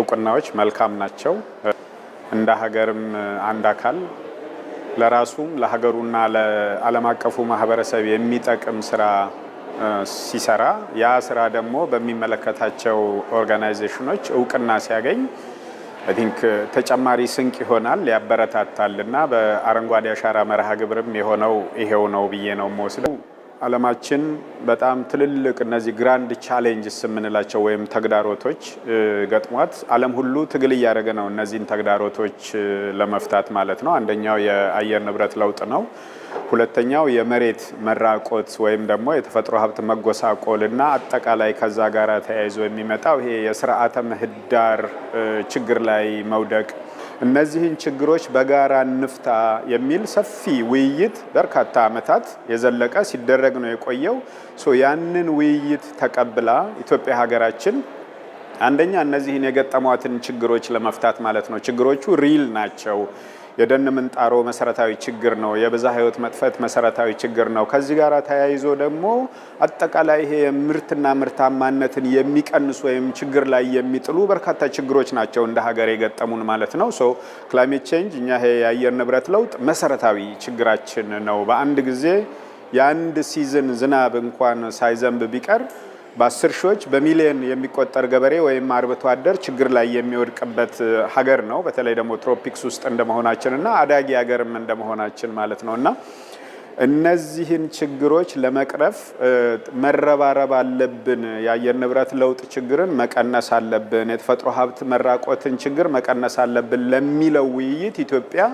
እውቅናዎች መልካም ናቸው። እንደ ሀገርም አንድ አካል ለራሱም ለሀገሩና ለዓለም አቀፉ ማህበረሰብ የሚጠቅም ስራ ሲሰራ ያ ስራ ደግሞ በሚመለከታቸው ኦርጋናይዜሽኖች እውቅና ሲያገኝ አይ ቲንክ ተጨማሪ ስንቅ ይሆናል፣ ያበረታታል እና በአረንጓዴ አሻራ መርሃ ግብርም የሆነው ይሄው ነው ብዬ ነው የምወስደው። አለማችን በጣም ትልልቅ እነዚህ ግራንድ ቻሌንጅስ የምንላቸው ወይም ተግዳሮቶች ገጥሟት አለም ሁሉ ትግል እያደረገ ነው እነዚህን ተግዳሮቶች ለመፍታት ማለት ነው። አንደኛው የአየር ንብረት ለውጥ ነው። ሁለተኛው የመሬት መራቆት ወይም ደግሞ የተፈጥሮ ሀብት መጎሳቆል እና አጠቃላይ ከዛ ጋር ተያይዞ የሚመጣው ይሄ የስርዓተ ምህዳር ችግር ላይ መውደቅ እነዚህን ችግሮች በጋራ እንፍታ የሚል ሰፊ ውይይት በርካታ ዓመታት የዘለቀ ሲደረግ ነው የቆየው። ያንን ውይይት ተቀብላ ኢትዮጵያ ሀገራችን አንደኛ እነዚህን የገጠሟትን ችግሮች ለመፍታት ማለት ነው። ችግሮቹ ሪል ናቸው። የደን ምንጣሮ መሰረታዊ ችግር ነው። የብዝሃ ሕይወት መጥፈት መሰረታዊ ችግር ነው። ከዚህ ጋር ተያይዞ ደግሞ አጠቃላይ ይሄ ምርትና ምርታማነትን የሚቀንሱ ወይም ችግር ላይ የሚጥሉ በርካታ ችግሮች ናቸው እንደ ሀገር የገጠሙን ማለት ነው። ሶ ክላይሜት ቼንጅ እኛ ይሄ የአየር ንብረት ለውጥ መሰረታዊ ችግራችን ነው። በአንድ ጊዜ የአንድ ሲዝን ዝናብ እንኳን ሳይዘንብ ቢቀር በአስር ሺዎች በሚሊዮን የሚቆጠር ገበሬ ወይም አርብቶ አደር ችግር ላይ የሚወድቅበት ሀገር ነው። በተለይ ደግሞ ትሮፒክስ ውስጥ እንደመሆናችን እና አዳጊ ሀገርም እንደመሆናችን ማለት ነው እና እነዚህን ችግሮች ለመቅረፍ መረባረብ አለብን። የአየር ንብረት ለውጥ ችግርን መቀነስ አለብን፣ የተፈጥሮ ሀብት መራቆትን ችግር መቀነስ አለብን ለሚለው ውይይት ኢትዮጵያ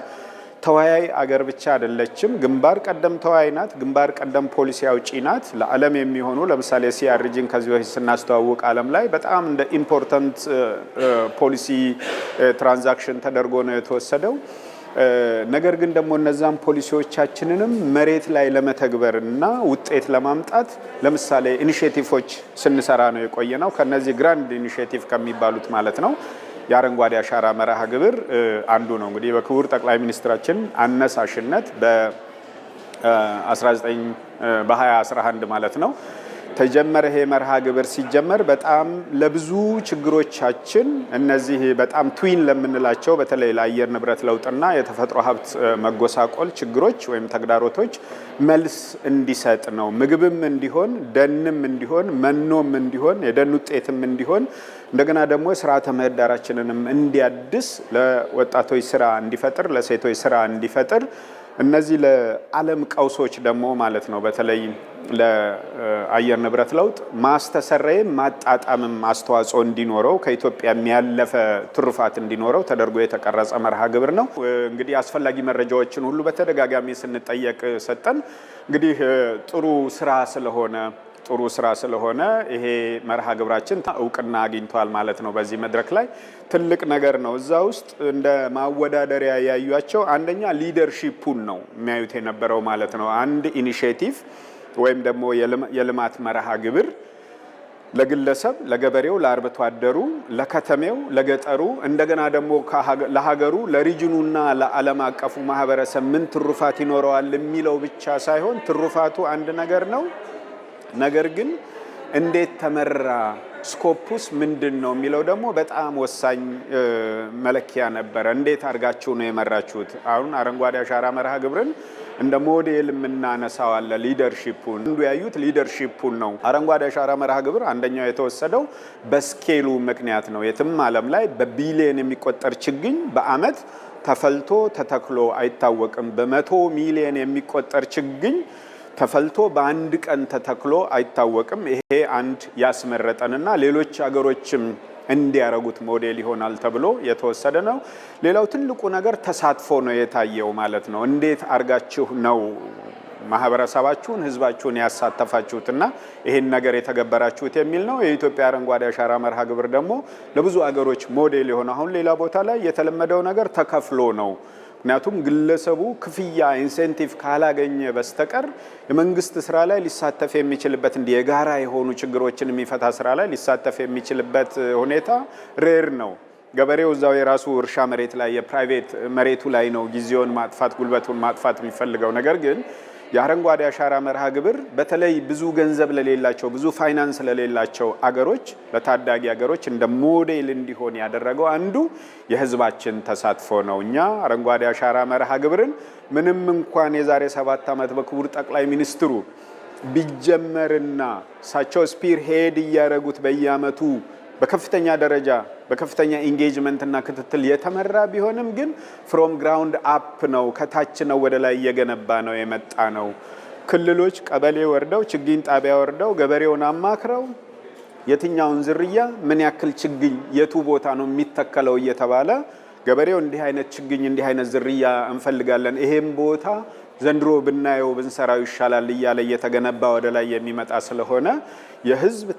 ተወያይ አገር ብቻ አይደለችም። ግንባር ቀደም ተወያይ ናት። ግንባር ቀደም ፖሊሲ አውጪ ናት። ለዓለም የሚሆኑ ለምሳሌ ሲአርጂን ከዚህ በፊት ስናስተዋውቅ ዓለም ላይ በጣም እንደ ኢምፖርታንት ፖሊሲ ትራንዛክሽን ተደርጎ ነው የተወሰደው። ነገር ግን ደግሞ እነዛን ፖሊሲዎቻችንንም መሬት ላይ ለመተግበር እና ውጤት ለማምጣት ለምሳሌ ኢኒሽቲቮች ስንሰራ ነው የቆየ ነው። ከነዚህ ግራንድ ኢኒሽቲቭ ከሚባሉት ማለት ነው የአረንጓዴ አሻራ መርሃ ግብር አንዱ ነው። እንግዲህ በክቡር ጠቅላይ ሚኒስትራችን አነሳሽነት በ19 በ2011 ማለት ነው ተጀመረ ይሄ መርሃ ግብር ሲጀመር በጣም ለብዙ ችግሮቻችን እነዚህ በጣም ትዊን ለምንላቸው በተለይ ለአየር ንብረት ለውጥና የተፈጥሮ ሀብት መጎሳቆል ችግሮች ወይም ተግዳሮቶች መልስ እንዲሰጥ ነው። ምግብም እንዲሆን፣ ደንም እንዲሆን፣ መኖም እንዲሆን፣ የደን ውጤትም እንዲሆን እንደገና ደግሞ ስርዓተ ምህዳራችንንም እንዲያድስ ለወጣቶች ስራ እንዲፈጥር፣ ለሴቶች ስራ እንዲፈጥር እነዚህ ለዓለም ቀውሶች ደግሞ ማለት ነው በተለይ ለአየር ንብረት ለውጥ ማስተሰረይም ማጣጣምም አስተዋጽኦ እንዲኖረው ከኢትዮጵያ የሚያለፈ ትሩፋት እንዲኖረው ተደርጎ የተቀረጸ መርሃ ግብር ነው። እንግዲህ አስፈላጊ መረጃዎችን ሁሉ በተደጋጋሚ ስንጠየቅ ሰጠን። እንግዲህ ጥሩ ስራ ስለሆነ ጥሩ ስራ ስለሆነ ይሄ መርሃ ግብራችን እውቅና አግኝቷል ማለት ነው። በዚህ መድረክ ላይ ትልቅ ነገር ነው። እዛ ውስጥ እንደ ማወዳደሪያ ያዩቸው አንደኛ ሊደርሺፑን ነው የሚያዩት የነበረው ማለት ነው። አንድ ኢኒሽቲቭ ወይም ደግሞ የልማት መርሃ ግብር ለግለሰብ፣ ለገበሬው፣ ለአርብቶ አደሩ፣ ለከተሜው፣ ለገጠሩ እንደገና ደግሞ ለሀገሩ፣ ለሪጅኑና ለዓለም አቀፉ ማህበረሰብ ምን ትሩፋት ይኖረዋል የሚለው ብቻ ሳይሆን ትሩፋቱ አንድ ነገር ነው ነገር ግን እንዴት ተመራ፣ ስኮፑስ ምንድን ነው የሚለው ደግሞ በጣም ወሳኝ መለኪያ ነበረ። እንዴት አድርጋችሁ ነው የመራችሁት? አሁን አረንጓዴ አሻራ መርሃ ግብርን እንደ ሞዴል የምናነሳዋለ አለ። ሊደርሺፑን ያዩት ሊደርሺፑን ነው። አረንጓዴ አሻራ መርሃ ግብር አንደኛው የተወሰደው በስኬሉ ምክንያት ነው። የትም ዓለም ላይ በቢሊየን የሚቆጠር ችግኝ በአመት ተፈልቶ ተተክሎ አይታወቅም። በመቶ ሚሊየን የሚቆጠር ችግኝ ተፈልቶ በአንድ ቀን ተተክሎ አይታወቅም። ይሄ አንድ ያስመረጠንና ሌሎች አገሮችም እንዲያረጉት ሞዴል ይሆናል ተብሎ የተወሰደ ነው። ሌላው ትልቁ ነገር ተሳትፎ ነው የታየው ማለት ነው። እንዴት አርጋችሁ ነው ማህበረሰባችሁን ህዝባችሁን ያሳተፋችሁትና ይህን ነገር የተገበራችሁት የሚል ነው። የኢትዮጵያ አረንጓዴ አሻራ መርሃ ግብር ደግሞ ለብዙ አገሮች ሞዴል የሆነ አሁን ሌላ ቦታ ላይ የተለመደው ነገር ተከፍሎ ነው ምክንያቱም ግለሰቡ ክፍያ ኢንሴንቲቭ ካላገኘ በስተቀር የመንግስት ስራ ላይ ሊሳተፍ የሚችልበት እንዲህ የጋራ የሆኑ ችግሮችን የሚፈታ ስራ ላይ ሊሳተፍ የሚችልበት ሁኔታ ሬር ነው። ገበሬው እዛው የራሱ እርሻ መሬት ላይ የፕራይቬት መሬቱ ላይ ነው ጊዜውን ማጥፋት ጉልበቱን ማጥፋት የሚፈልገው ነገር ግን የአረንጓዴ አሻራ መርሃ ግብር በተለይ ብዙ ገንዘብ ለሌላቸው ብዙ ፋይናንስ ለሌላቸው አገሮች ለታዳጊ አገሮች እንደ ሞዴል እንዲሆን ያደረገው አንዱ የህዝባችን ተሳትፎ ነው። እኛ አረንጓዴ አሻራ መርሃ ግብርን ምንም እንኳን የዛሬ ሰባት ዓመት በክቡር ጠቅላይ ሚኒስትሩ ቢጀመርና እሳቸው ስፒር ሄድ እያደረጉት በየአመቱ ። በከፍተኛ ደረጃ በከፍተኛ ኢንጌጅመንት እና ክትትል የተመራ ቢሆንም ግን ፍሮም ግራውንድ አፕ ነው፣ ከታች ነው ወደ ላይ እየገነባ ነው የመጣ ነው። ክልሎች ቀበሌ ወርደው ችግኝ ጣቢያ ወርደው ገበሬውን አማክረው የትኛውን ዝርያ ምን ያክል ችግኝ የቱ ቦታ ነው የሚተከለው እየተባለ ገበሬው እንዲህ አይነት ችግኝ እንዲህ አይነት ዝርያ እንፈልጋለን፣ ይሄም ቦታ ዘንድሮ ብናየው ብንሰራው ይሻላል እያለ እየተገነባ ወደ ላይ የሚመጣ ስለሆነ የህዝብ